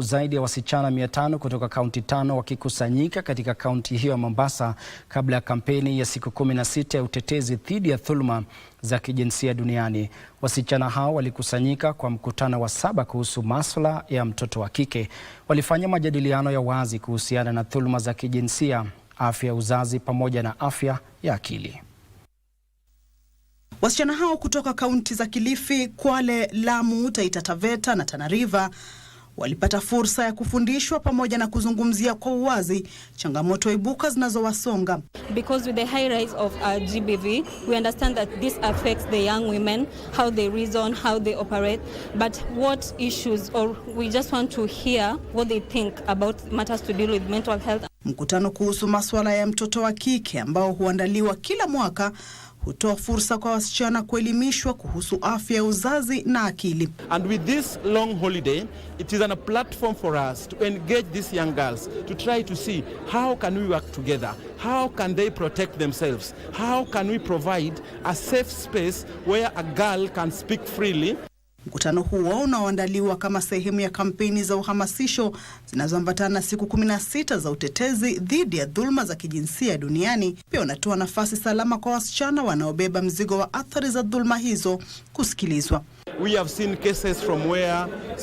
Zaidi ya wasichana 500 kutoka kaunti tano wakikusanyika katika kaunti hiyo ya Mombasa kabla ya kampeni ya siku 16 ya utetezi dhidi ya dhuluma za kijinsia duniani. Wasichana hao walikusanyika kwa mkutano wa saba kuhusu masuala ya mtoto wa kike. Walifanya majadiliano ya wazi kuhusiana na dhuluma za kijinsia, afya ya uzazi pamoja na afya ya akili. Wasichana hao kutoka kaunti za Kilifi, Kwale, Lamu, Taita Taveta na Tana River walipata fursa ya kufundishwa pamoja na kuzungumzia kwa uwazi changamoto ibuka zinazowasonga. Because with the high rise of our uh, GBV, we understand that this affects the young women, how they reason, how they operate, but what issues or we just want to hear what they think about matters to deal with mental health. Mkutano kuhusu masuala ya mtoto wa kike ambao huandaliwa kila mwaka hutoa fursa kwa wasichana kuelimishwa kuhusu afya ya uzazi na akili. And with this long holiday, it is a platform for us to engage these young girls to try to see how can we work together, how can they protect themselves, how can we provide a safe space where a girl can speak freely. Mkutano huo unaoandaliwa kama sehemu ya kampeni za uhamasisho zinazoambatana siku 16 za utetezi dhidi ya dhuluma za kijinsia duniani pia unatoa nafasi salama kwa wasichana wanaobeba mzigo wa athari za dhuluma hizo kusikilizwa. We have seen cases from where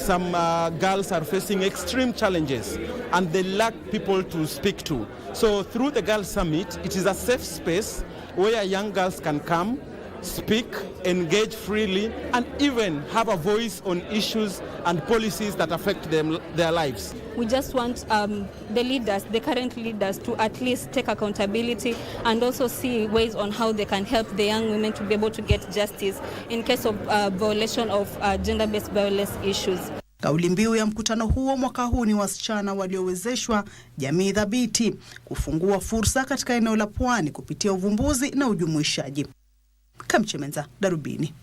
some uh, girls are facing extreme challenges and they lack people to speak to. So through the Girls Summit, it is a safe space where young girls can come speak, engage freely, and even have a voice on issues and policies that affect them, their lives. We just want um, the leaders, the current leaders, to at least take accountability and also see ways on how they can help the young women to be able to get justice in case of uh, violation of uh, gender-based violence issues. Kauli mbiu ya mkutano huo mwaka huu ni wasichana waliowezeshwa, jamii thabiti, kufungua fursa katika eneo la Pwani kupitia uvumbuzi na ujumuishaji kamchemenza Darubini.